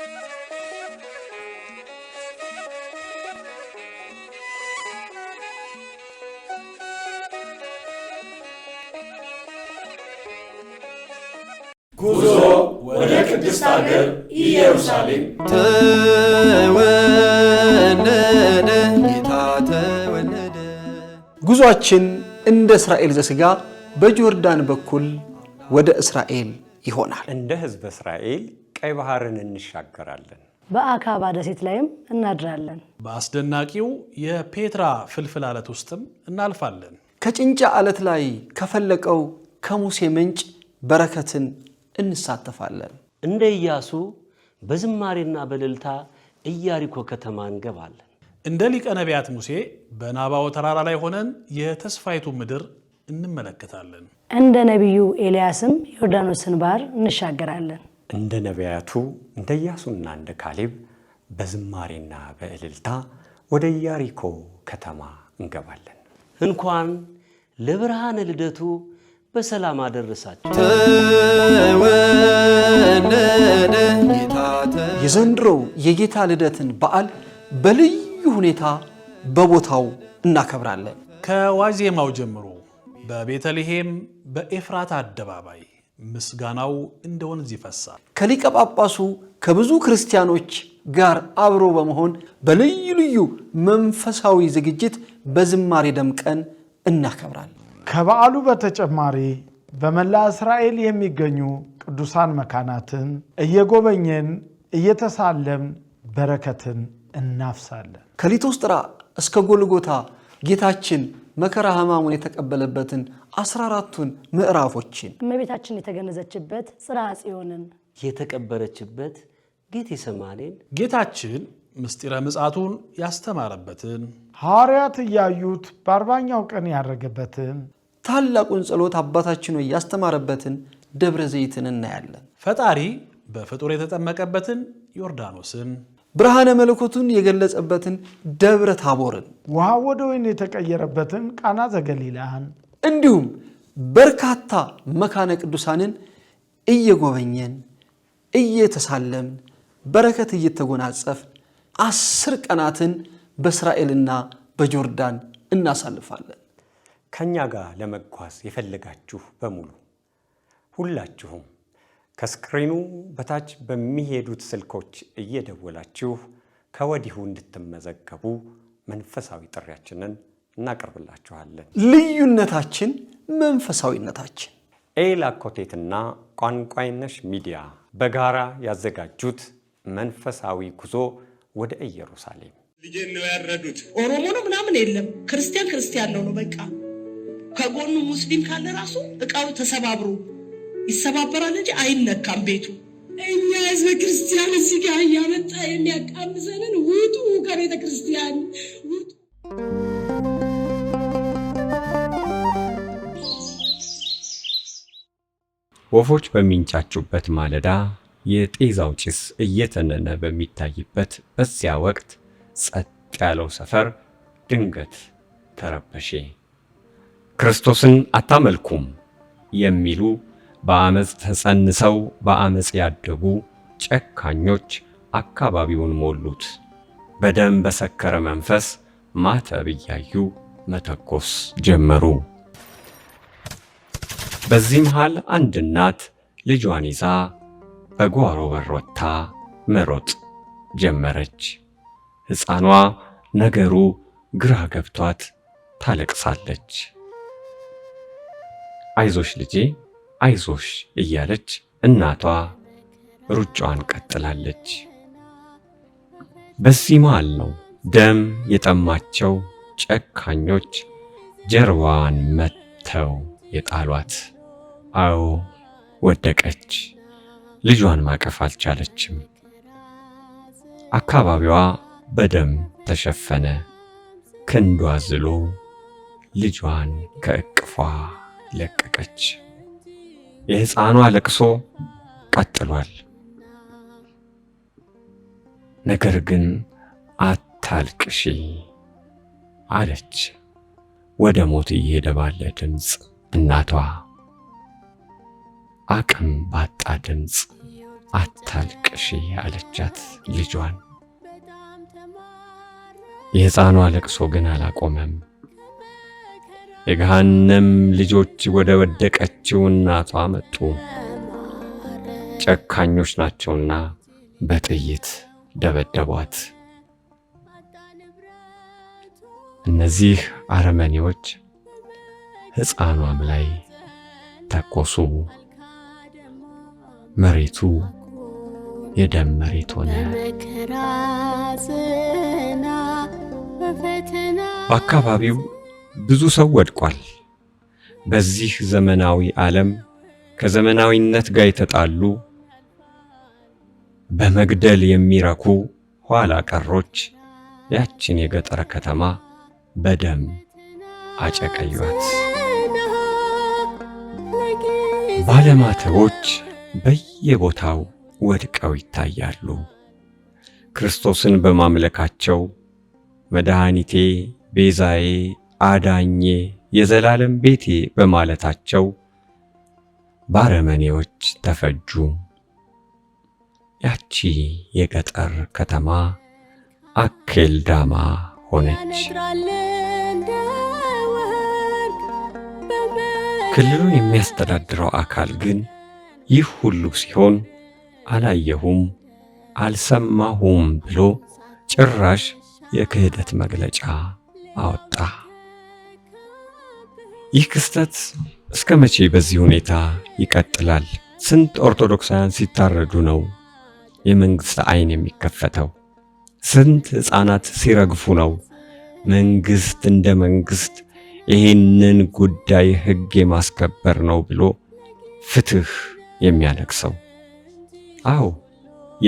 ጉዞ ወደ ቅድስት ኢየሩሳሌም ተወለደ ጌታ ተወለደ። እንደ እስራኤል ዘስጋ በጆርዳን በኩል ወደ እስራኤል ይሆናል። እንደ ሕዝበ እስራኤል ቀይ ባህርን እንሻገራለን። በአካባ ደሴት ላይም እናድራለን። በአስደናቂው የፔትራ ፍልፍል አለት ውስጥም እናልፋለን። ከጭንጫ አለት ላይ ከፈለቀው ከሙሴ ምንጭ በረከትን እንሳተፋለን። እንደ ኢያሱ በዝማሬና በልልታ ኢያሪኮ ከተማ እንገባለን። እንደ ሊቀ ነቢያት ሙሴ በናባው ተራራ ላይ ሆነን የተስፋይቱ ምድር እንመለከታለን። እንደ ነቢዩ ኤልያስም ዮርዳኖስን ባህር እንሻገራለን። እንደ ነቢያቱ እንደ ኢያሱና እንደ ካሌብ በዝማሬና በእልልታ ወደ ኢያሪኮ ከተማ እንገባለን። እንኳን ለብርሃነ ልደቱ በሰላም አደረሳቸው። የዘንድሮው የጌታ ልደትን በዓል በልዩ ሁኔታ በቦታው እናከብራለን። ከዋዜማው ጀምሮ በቤተልሔም በኤፍራት አደባባይ ምስጋናው እንደ ወንዝ ይፈሳል። ከሊቀ ጳጳሱ ከብዙ ክርስቲያኖች ጋር አብሮ በመሆን በልዩ ልዩ መንፈሳዊ ዝግጅት በዝማሬ ደምቀን እናከብራለን። ከበዓሉ በተጨማሪ በመላ እስራኤል የሚገኙ ቅዱሳን መካናትን እየጎበኘን እየተሳለምን በረከትን እናፍሳለን። ከሊቶስጥራ እስከ ጎልጎታ ጌታችን መከራ ሕማሙን የተቀበለበትን አስራ አራቱን ምዕራፎችን እመቤታችን የተገነዘችበት ጽርሐ ጽዮንን የተቀበረችበት ጌቴ ጌታችን ምስጢረ ምጽአቱን ያስተማረበትን ሐዋርያት እያዩት በአርባኛው ቀን ያረገበትን ታላቁን ጸሎት አባታችን ሆይ ያስተማረበትን ደብረ ዘይትን እናያለን። ፈጣሪ በፍጡር የተጠመቀበትን ዮርዳኖስን ብርሃነ መለኮቱን የገለጸበትን ደብረ ታቦርን ውሃ ወደ ወይን የተቀየረበትን ቃና ዘገሊላህን፣ እንዲሁም በርካታ መካነ ቅዱሳንን እየጎበኘን እየተሳለምን በረከት እየተጎናጸፍን አስር ቀናትን በእስራኤልና በጆርዳን እናሳልፋለን። ከእኛ ጋር ለመጓዝ የፈለጋችሁ በሙሉ ሁላችሁም ከስክሪኑ በታች በሚሄዱት ስልኮች እየደወላችሁ ከወዲሁ እንድትመዘገቡ መንፈሳዊ ጥሪያችንን እናቀርብላችኋለን። ልዩነታችን መንፈሳዊነታችን። ኤላ ኮቴትና ቋንቋይነሽ ሚዲያ በጋራ ያዘጋጁት መንፈሳዊ ጉዞ ወደ ኢየሩሳሌም ልጄን ነው ያረዱት። ኦሮሞ ነው ምናምን የለም፣ ክርስቲያን ክርስቲያን ነው ነው በቃ ከጎኑ ሙስሊም ካለ ራሱ እቃው ተሰባብሮ ይሰባበራል እንጂ አይነካም ቤቱ። እኛ ህዝበ ክርስቲያን እዚህ ጋር እያመጣ የሚያቃምዘንን ውጡ ከቤተ ክርስቲያን ውጡ። ወፎች በሚንጫጩበት ማለዳ የጤዛው ጭስ እየተነነ በሚታይበት በዚያ ወቅት ጸጥ ያለው ሰፈር ድንገት ተረበሼ። ክርስቶስን አታመልኩም የሚሉ በአመፅ ተጸንሰው በአመፅ ያደጉ ጨካኞች አካባቢውን ሞሉት። በደም በሰከረ መንፈስ ማተብ እያዩ መተኮስ ጀመሩ። በዚህ መሃል አንድ እናት ልጇን ይዛ በጓሮ በር ወጥታ መሮጥ ጀመረች። ሕፃኗ ነገሩ ግራ ገብቷት ታለቅሳለች። አይዞሽ ልጄ አይዞሽ እያለች እናቷ ሩጫዋን ቀጥላለች። በዚህ መሃል ነው ደም የጠማቸው ጨካኞች ጀርባዋን መተው የጣሏት። አዎ ወደቀች። ልጇን ማቀፍ አልቻለችም። አካባቢዋ በደም ተሸፈነ። ክንዷ ዝሎ ልጇን ከእቅፏ ለቀቀች። የሕፃኗ ለቅሶ ቀጥሏል። ነገር ግን አታልቅሺ አለች ወደ ሞት እየሄደ ባለ ድምፅ እናቷ። አቅም ባጣ ድምፅ አታልቅሺ አለቻት ልጇን። የሕፃኗ ለቅሶ ግን አላቆመም። የገሃነም ልጆች ወደ ወደቀችው እናቷ መጡ። ጨካኞች ናቸውና በጥይት ደበደቧት። እነዚህ አረመኔዎች ሕፃኗም ላይ ተኮሱ። መሬቱ የደም መሬት ሆነ። በአካባቢው ብዙ ሰው ወድቋል። በዚህ ዘመናዊ ዓለም ከዘመናዊነት ጋር የተጣሉ በመግደል የሚረኩ ኋላ ቀሮች ያችን የገጠር ከተማ በደም አጨቀዩት። ባለማተቦች በየቦታው ወድቀው ይታያሉ። ክርስቶስን በማምለካቸው መድኃኒቴ፣ ቤዛዬ፣ አዳኜ የዘላለም ቤቴ በማለታቸው ባረመኔዎች ተፈጁ። ያቺ የገጠር ከተማ አኬልዳማ ሆነች። ክልሉን የሚያስተዳድረው አካል ግን ይህ ሁሉ ሲሆን አላየሁም፣ አልሰማሁም ብሎ ጭራሽ የክህደት መግለጫ አወጣ። ይህ ክስተት እስከ መቼ በዚህ ሁኔታ ይቀጥላል? ስንት ኦርቶዶክሳውያን ሲታረዱ ነው የመንግሥት ዐይን የሚከፈተው? ስንት ሕፃናት ሲረግፉ ነው መንግሥት እንደ መንግሥት ይህንን ጉዳይ ሕግ የማስከበር ነው ብሎ ፍትሕ የሚያለቅሰው? አዎ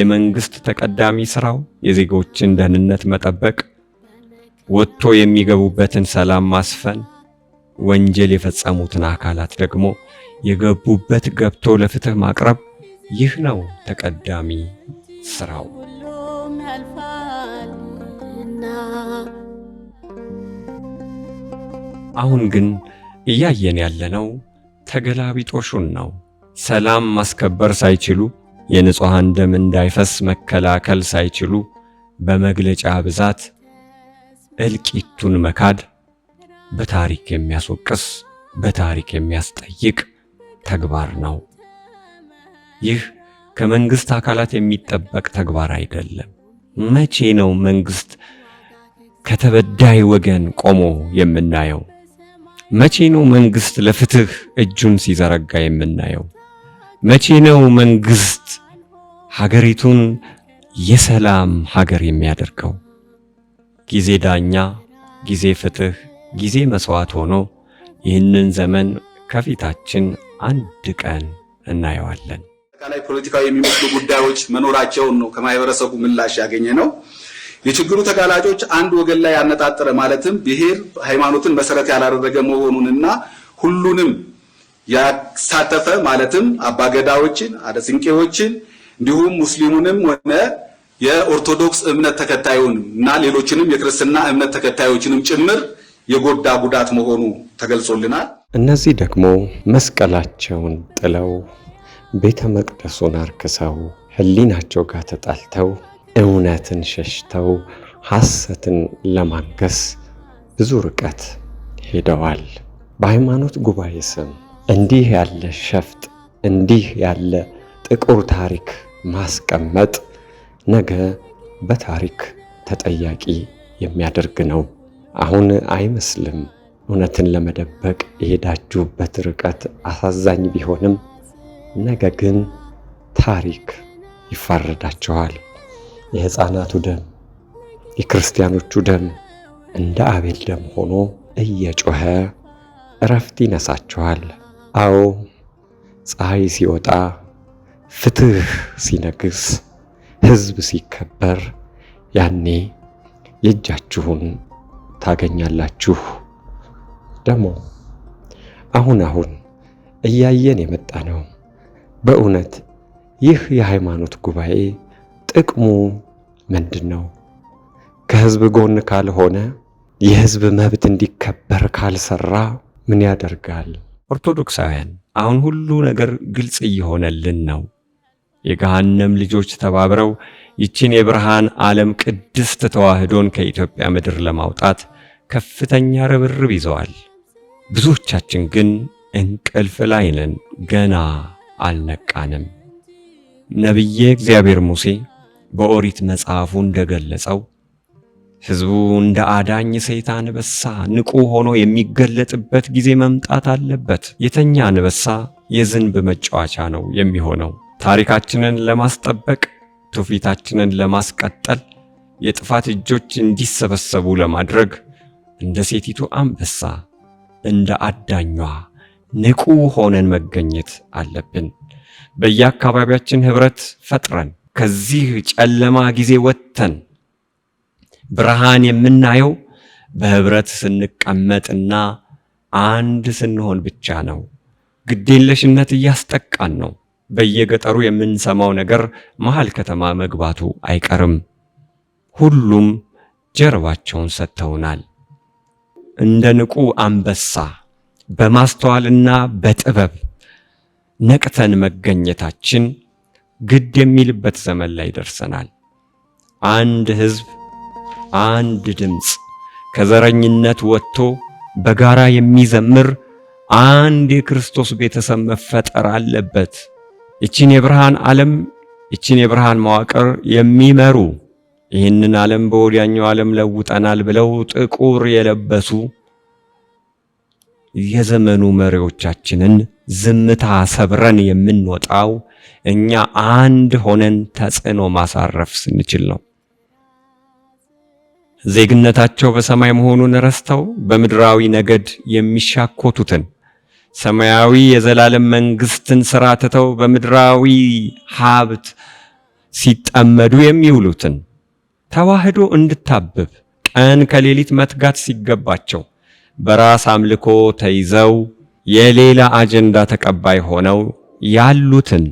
የመንግሥት ተቀዳሚ ሥራው የዜጎችን ደህንነት መጠበቅ፣ ወጥቶ የሚገቡበትን ሰላም ማስፈን ወንጀል የፈጸሙትን አካላት ደግሞ የገቡበት ገብቶ ለፍትህ ማቅረብ ይህ ነው ተቀዳሚ ስራው። አሁን ግን እያየን ያለነው ተገላቢጦሹን ነው። ሰላም ማስከበር ሳይችሉ የንጹሐን ደም እንዳይፈስ መከላከል ሳይችሉ በመግለጫ ብዛት እልቂቱን መካድ በታሪክ የሚያስወቅስ በታሪክ የሚያስጠይቅ ተግባር ነው። ይህ ከመንግስት አካላት የሚጠበቅ ተግባር አይደለም። መቼ ነው መንግስት ከተበዳይ ወገን ቆሞ የምናየው? መቼ ነው መንግስት ለፍትህ እጁን ሲዘረጋ የምናየው? መቼ ነው መንግስት ሀገሪቱን የሰላም ሀገር የሚያደርገው? ጊዜ ዳኛ፣ ጊዜ ፍትህ ጊዜ መሥዋዕት ሆኖ ይህንን ዘመን ከፊታችን አንድ ቀን እናየዋለን። አጠቃላይ ፖለቲካዊ የሚመስሉ ጉዳዮች መኖራቸውን ነው ከማህበረሰቡ ምላሽ ያገኘ ነው። የችግሩ ተጋላጮች አንድ ወገን ላይ ያነጣጠረ ማለትም ብሔር፣ ሃይማኖትን መሰረት ያላደረገ መሆኑንና ሁሉንም ያሳተፈ ማለትም አባገዳዎችን፣ አደስንቄዎችን እንዲሁም ሙስሊሙንም ሆነ የኦርቶዶክስ እምነት ተከታዩን እና ሌሎችንም የክርስትና እምነት ተከታዮችንም ጭምር የጎዳ ጉዳት መሆኑ ተገልጾልናል። እነዚህ ደግሞ መስቀላቸውን ጥለው ቤተ መቅደሱን አርክሰው ሕሊናቸው ጋር ተጣልተው እውነትን ሸሽተው ሐሰትን ለማንገስ ብዙ ርቀት ሄደዋል። በሃይማኖት ጉባኤ ስም እንዲህ ያለ ሸፍጥ፣ እንዲህ ያለ ጥቁር ታሪክ ማስቀመጥ ነገ በታሪክ ተጠያቂ የሚያደርግ ነው። አሁን አይመስልም። እውነትን ለመደበቅ የሄዳችሁበት ርቀት አሳዛኝ ቢሆንም ነገ ግን ታሪክ ይፋረዳችኋል። የሕፃናቱ ደም፣ የክርስቲያኖቹ ደም እንደ አቤል ደም ሆኖ እየጮኸ እረፍት ይነሳችኋል። አዎ ፀሐይ ሲወጣ፣ ፍትህ ሲነግስ፣ ሕዝብ ሲከበር ያኔ የእጃችሁን ታገኛላችሁ። ደግሞ አሁን አሁን እያየን የመጣ ነው። በእውነት ይህ የሃይማኖት ጉባኤ ጥቅሙ ምንድን ነው? ከህዝብ ጎን ካልሆነ የህዝብ መብት እንዲከበር ካልሰራ ምን ያደርጋል? ኦርቶዶክሳውያን አሁን ሁሉ ነገር ግልጽ እየሆነልን ነው። የገሃነም ልጆች ተባብረው ይችን የብርሃን ዓለም ቅድስት ተዋህዶን ከኢትዮጵያ ምድር ለማውጣት ከፍተኛ ርብርብ ይዘዋል። ብዙዎቻችን ግን እንቅልፍ ላይ ነን፣ ገና አልነቃንም። ነቢዬ እግዚአብሔር ሙሴ በኦሪት መጽሐፉ እንደገለጸው ሕዝቡ እንደ አዳኝ ሴት አንበሳ ንቁ ሆኖ የሚገለጥበት ጊዜ መምጣት አለበት። የተኛ አንበሳ የዝንብ መጫወቻ ነው የሚሆነው። ታሪካችንን ለማስጠበቅ ትውፊታችንን ለማስቀጠል የጥፋት እጆች እንዲሰበሰቡ ለማድረግ እንደ ሴቲቱ አንበሳ እንደ አዳኟ ንቁ ሆነን መገኘት አለብን። በየአካባቢያችን ህብረት ፈጥረን ከዚህ ጨለማ ጊዜ ወጥተን ብርሃን የምናየው በህብረት ስንቀመጥና አንድ ስንሆን ብቻ ነው። ግዴለሽነት እያስጠቃን ነው። በየገጠሩ የምንሰማው ነገር መሃል ከተማ መግባቱ አይቀርም። ሁሉም ጀርባቸውን ሰጥተውናል። እንደ ንቁ አንበሳ በማስተዋልና በጥበብ ነቅተን መገኘታችን ግድ የሚልበት ዘመን ላይ ደርሰናል። አንድ ሕዝብ፣ አንድ ድምፅ ከዘረኝነት ወጥቶ በጋራ የሚዘምር አንድ የክርስቶስ ቤተሰብ መፈጠር አለበት። ይቺን የብርሃን ዓለም ይቺን የብርሃን መዋቅር የሚመሩ ይህንን ዓለም በወዲያኛው ዓለም ለውጠናል ብለው ጥቁር የለበሱ የዘመኑ መሪዎቻችንን ዝምታ ሰብረን የምንወጣው እኛ አንድ ሆነን ተጽዕኖ ማሳረፍ ስንችል ነው። ዜግነታቸው በሰማይ መሆኑን ረስተው በምድራዊ ነገድ የሚሻኮቱትን ሰማያዊ የዘላለም መንግስትን ስራ ትተው በምድራዊ ሀብት ሲጠመዱ የሚውሉትን ተዋህዶ እንድታብብ ቀን ከሌሊት መትጋት ሲገባቸው በራስ አምልኮ ተይዘው የሌላ አጀንዳ ተቀባይ ሆነው ያሉትን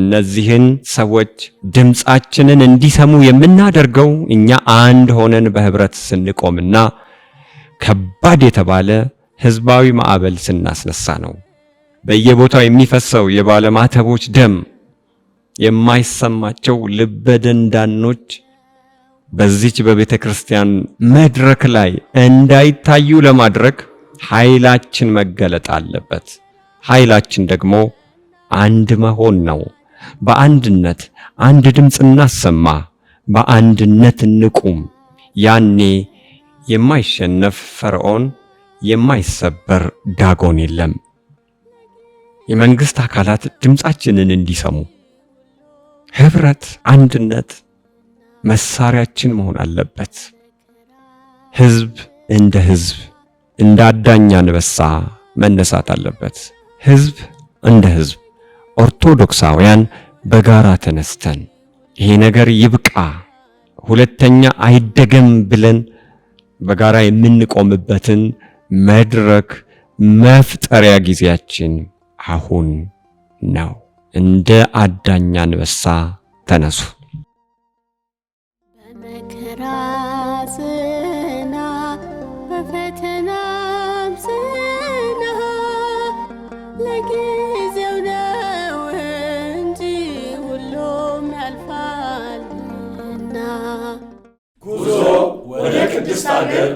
እነዚህን ሰዎች ድምፃችንን እንዲሰሙ የምናደርገው እኛ አንድ ሆነን በህብረት ስንቆምና ከባድ የተባለ ህዝባዊ ማዕበል ስናስነሳ ነው። በየቦታው የሚፈሰው የባለማተቦች ደም የማይሰማቸው ልበደንዳኖች በዚች በቤተ ክርስቲያን መድረክ ላይ እንዳይታዩ ለማድረግ ኃይላችን መገለጥ አለበት። ኃይላችን ደግሞ አንድ መሆን ነው። በአንድነት አንድ ድምፅ እናሰማ፣ በአንድነት እንቁም። ያኔ የማይሸነፍ ፈርዖን የማይሰበር ዳጎን የለም። የመንግስት አካላት ድምፃችንን እንዲሰሙ ህብረት፣ አንድነት መሳሪያችን መሆን አለበት። ህዝብ እንደ ህዝብ እንደ አዳኝ አንበሳ መነሳት አለበት። ህዝብ እንደ ህዝብ ኦርቶዶክሳውያን በጋራ ተነስተን ይሄ ነገር ይብቃ፣ ሁለተኛ አይደገም ብለን በጋራ የምንቆምበትን መድረክ መፍጠሪያ ጊዜያችን አሁን ነው። እንደ አዳኝ አንበሳ ተነሱ። በመከራ ቅድስት አገር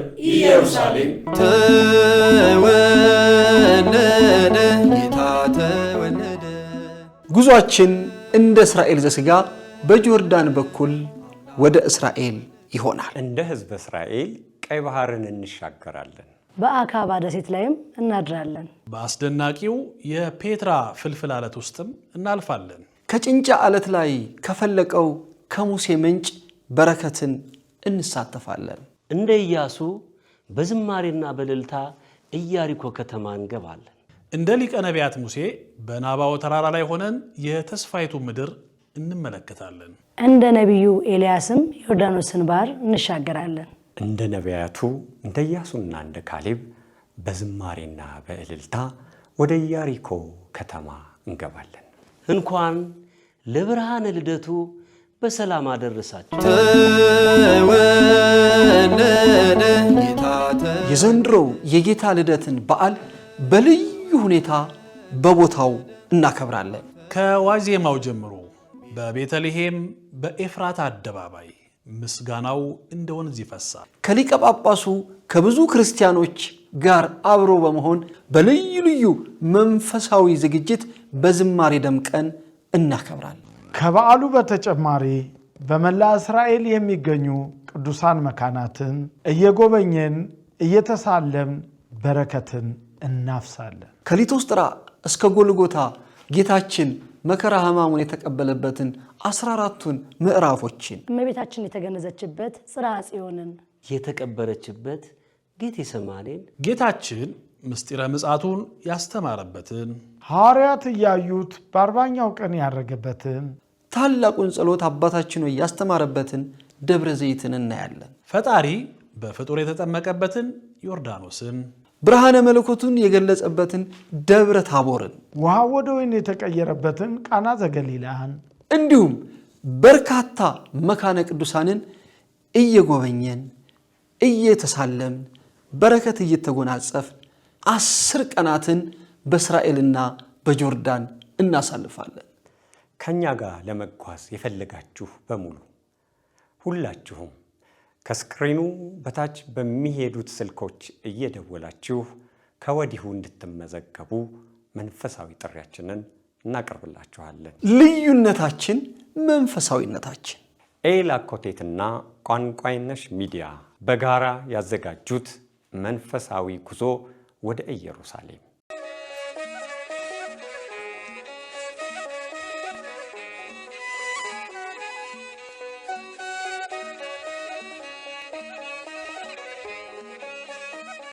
ኢየሩሳሌም ተወለደ ጌታ ተወለደ። ጉዟችን እንደ እስራኤል ዘስጋ በጆርዳን በኩል ወደ እስራኤል ይሆናል። እንደ ህዝብ እስራኤል ቀይ ባህርን እንሻገራለን። በአካባ ደሴት ላይም እናድራለን። በአስደናቂው የፔትራ ፍልፍል አለት ውስጥም እናልፋለን። ከጭንጫ አለት ላይ ከፈለቀው ከሙሴ ምንጭ በረከትን እንሳተፋለን። እንደ ኢያሱ በዝማሬና በልልታ ኢያሪኮ ከተማ እንገባለን። እንደ ሊቀ ነቢያት ሙሴ በናባው ተራራ ላይ ሆነን የተስፋይቱ ምድር እንመለከታለን። እንደ ነቢዩ ኤልያስም ዮርዳኖስን ባህር እንሻገራለን። እንደ ነቢያቱ እንደ ኢያሱና እንደ ካሌብ በዝማሬና በእልልታ ወደ ኢያሪኮ ከተማ እንገባለን። እንኳን ለብርሃነ ልደቱ በሰላም አደረሳቸው። የዘንድሮው የጌታ ልደትን በዓል በልዩ ሁኔታ በቦታው እናከብራለን። ከዋዜማው ጀምሮ በቤተልሔም በኤፍራት አደባባይ ምስጋናው እንደ ወንዝ ይፈሳል። ከሊቀ ጳጳሱ ከብዙ ክርስቲያኖች ጋር አብሮ በመሆን በልዩ ልዩ መንፈሳዊ ዝግጅት በዝማሬ ደምቀን እናከብራለን። ከበዓሉ በተጨማሪ በመላ እስራኤል የሚገኙ ቅዱሳን መካናትን እየጎበኘን እየተሳለም በረከትን እናፍሳለን። ከሊቶስጥራ እስከ ጎልጎታ ጌታችን መከራ ሕማሙን የተቀበለበትን አስራ አራቱን ምዕራፎችን እመቤታችን የተገነዘችበት ጽርሐ ጽዮንን የተቀበረችበት ጌቴ ጌታችን ምስጢረ ምጽአቱን ያስተማረበትን ሐዋርያት እያዩት በአርባኛው ቀን ያረገበትን ታላቁን ጸሎት አባታችን ሆይ ያስተማረበትን ደብረ ዘይትን እናያለን። ፈጣሪ በፍጡር የተጠመቀበትን ዮርዳኖስን፣ ብርሃነ መለኮቱን የገለጸበትን ደብረ ታቦርን፣ ውሃ ወደ ወይን የተቀየረበትን ቃና ዘገሊላህን፣ እንዲሁም በርካታ መካነ ቅዱሳንን እየጎበኘን እየተሳለምን በረከት እየተጎናጸፍን አስር ቀናትን በእስራኤልና በጆርዳን እናሳልፋለን። ከእኛ ጋር ለመጓዝ የፈለጋችሁ በሙሉ ሁላችሁም ከስክሪኑ በታች በሚሄዱት ስልኮች እየደወላችሁ ከወዲሁ እንድትመዘገቡ መንፈሳዊ ጥሪያችንን እናቀርብላችኋለን። ልዩነታችን መንፈሳዊነታችን። ኤላ ኮቴትና ቋንቋይነሽ ሚዲያ በጋራ ያዘጋጁት መንፈሳዊ ጉዞ ወደ ኢየሩሳሌም